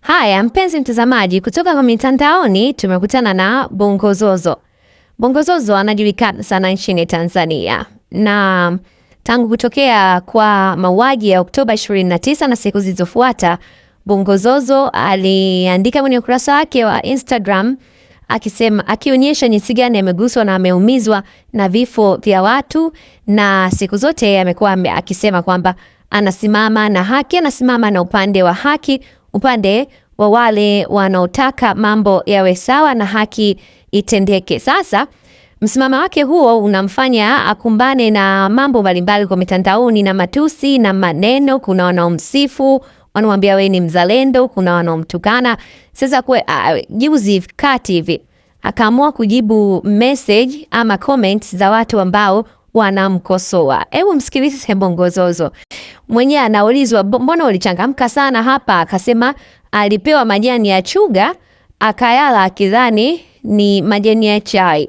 Haya, mpenzi mtazamaji, kutoka kwa mitandaoni tumekutana na Bongozozo. Bongozozo anajulikana sana nchini Tanzania na tangu kutokea kwa mauaji ya Oktoba 29 na siku zilizofuata, Bongozozo aliandika kwenye ukurasa wake wa Instagram akisema akionyesha jinsi gani ameguswa na ameumizwa na vifo vya watu, na siku zote amekuwa akisema kwamba anasimama na haki, anasimama na upande wa haki upande wa wale wanaotaka mambo yawe sawa na haki itendeke. Sasa msimama wake huo unamfanya akumbane na mambo mbalimbali kwa mitandaoni na matusi na maneno. Kuna wanaomsifu wanaomwambia wewe ni mzalendo, kuna wanaomtukana. Sasa kwa juzi kati hivi akaamua kujibu message ama comments za watu ambao wanamkosoa. Hebu msikilize Bongozozo mwenyewe anaulizwa, mbona ulichangamka sana hapa? Akasema alipewa majani ya chuga akayala akidhani ni majani ya chai.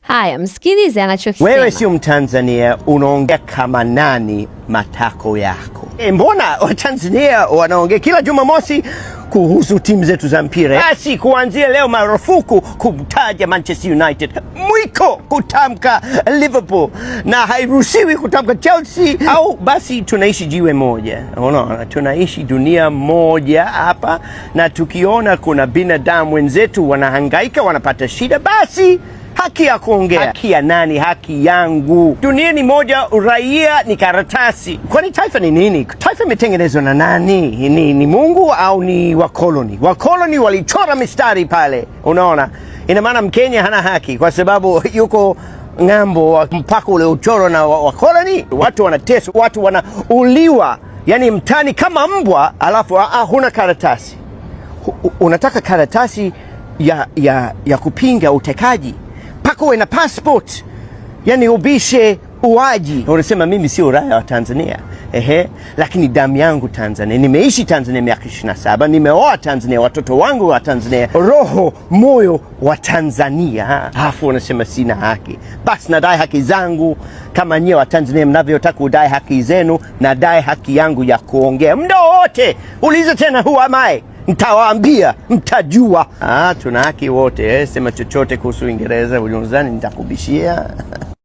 Haya, msikilize anachokisema. Wewe sio Mtanzania, unaongea kama nani? matako yako. E, mbona Watanzania wanaongea kila Jumamosi kuhusu timu zetu za mpira, eh? basi kuanzia leo marufuku kumtaja Manchester United, mwiko kutamka Liverpool na hairuhusiwi kutamka Chelsea au basi tunaishi jiwe moja. Unaona, tunaishi dunia moja hapa, na tukiona kuna binadamu wenzetu wanahangaika, wanapata shida, basi haki ya kuongea. Haki ya nani? Haki yangu. Dunia ni moja, uraia ni karatasi. Kwani taifa ni nini? Taifa imetengenezwa na nani? Ni, ni Mungu au ni wakoloni? Wakoloni walichora mistari pale, unaona. Ina maana Mkenya hana haki kwa sababu yuko ng'ambo wa mpaka ule uchoro na wakoloni. Watu wanateswa, watu wanauliwa, yani mtani kama mbwa, alafu ah, huna karatasi. Unataka karatasi ya, ya, ya kupinga utekaji yako uwe na passport, yani ubishe uwaji. Unasema mimi sio raia wa Tanzania. Ehe, lakini damu yangu Tanzania, nimeishi Tanzania miaka 27, nimeoa Tanzania, watoto wangu wa Tanzania, roho moyo wa Tanzania, alafu unasema sina haki. Basi nadai haki zangu kama nyie wa Tanzania mnavyotaka udai haki zenu, nadai haki yangu ya kuongea muda wowote Uliza tena, who am I? nitawaambia, mtajua. Ah, tuna haki wote, eh, sema chochote kuhusu Uingereza ujonzani, nitakubishia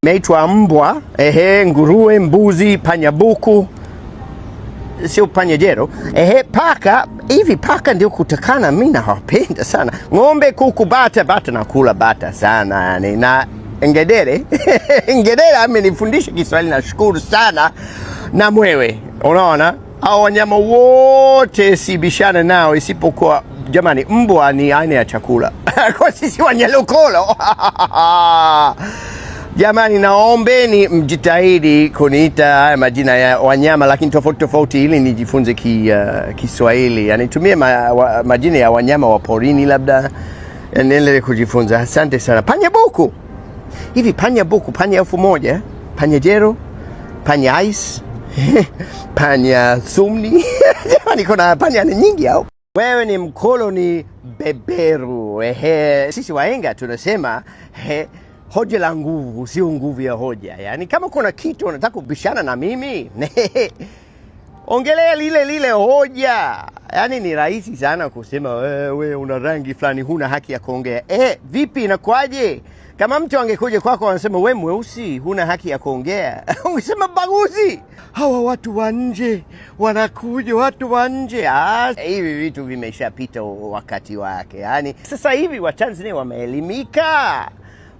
meitwa mbwa, ehe, nguruwe, mbuzi, panyabuku, sio panyajero ehe, paka. Hivi paka ndio kutakana, mi nawapenda sana. Ng'ombe, kuku, bata. Bata nakula bata sana yani, na ngedere ngedere amenifundisha Kiswahili, nashukuru sana na mwewe, unaona hao wanyama wote sibishane nao isipokuwa jamani, mbwa ni aina ya chakula kwa sisi Wanyalokolo Jamani, naombeni mjitahidi kuniita haya majina ya wanyama lakini tofauti tofauti, ili nijifunze ki, uh, Kiswahili. Yani tumie ma, wa, majina ya wanyama wa porini, labda niendelee kujifunza. Asante sana. Panya buku hivi, panya buku, panya elfu moja, panya jero, panya ice panya sumni jamani, kuna panya ni nyingi au? Wewe ni mkoloni beberu. Ehe, sisi waenga tunasema he, hoja la nguvu sio nguvu ya hoja. Yaani, kama kuna kitu unataka kubishana na mimi ongelea lile lile hoja. Yaani ni rahisi sana kusema wewe eh, una rangi fulani, huna haki ya kuongea. Eh, vipi inakuwaje? Kama mtu angekuja kwako anasema we mweusi, huna haki ya kuongea ungesema baguzi. Hawa watu wa nje wanakuja, watu wa nje. Ah, hivi vitu vimeshapita wakati wake. Yaani sasa hivi Watanzania wameelimika,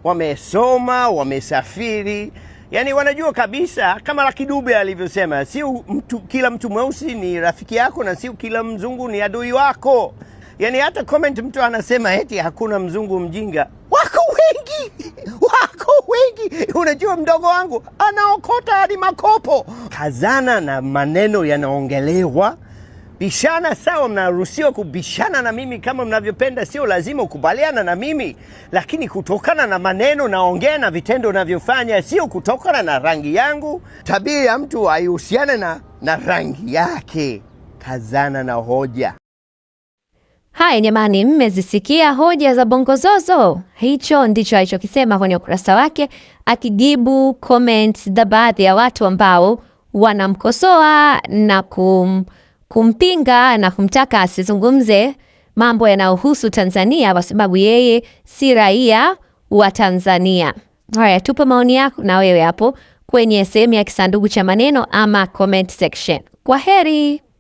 wamesoma, wamesafiri Yaani wanajua kabisa kama Lucky Dube alivyosema, si mtu, kila mtu mweusi ni rafiki yako na sio kila mzungu ni adui wako. Yaani hata comment mtu anasema eti hakuna mzungu mjinga. Wako wengi, wako wengi. Unajua mdogo wangu anaokota hadi makopo. Kazana na maneno yanaongelewa. Bishana sawa, mnaruhusiwa kubishana na mimi kama mnavyopenda, sio lazima ukubaliana na mimi, lakini kutokana na maneno naongea na vitendo navyofanya, sio kutokana na rangi yangu. Tabia ya mtu haihusiane na, na rangi yake. Kazana na hoja. Haya jamani, mmezisikia hoja za Bongozozo. Hicho ndicho alichokisema kwenye ukurasa wake akijibu comments za baadhi ya watu ambao wanamkosoa na kum kumpinga na kumtaka asizungumze mambo yanayohusu Tanzania kwa sababu yeye si raia wa Tanzania. Haya, tupe maoni yako na wewe hapo kwenye sehemu ya kisanduku cha maneno ama comment section. Kwa heri.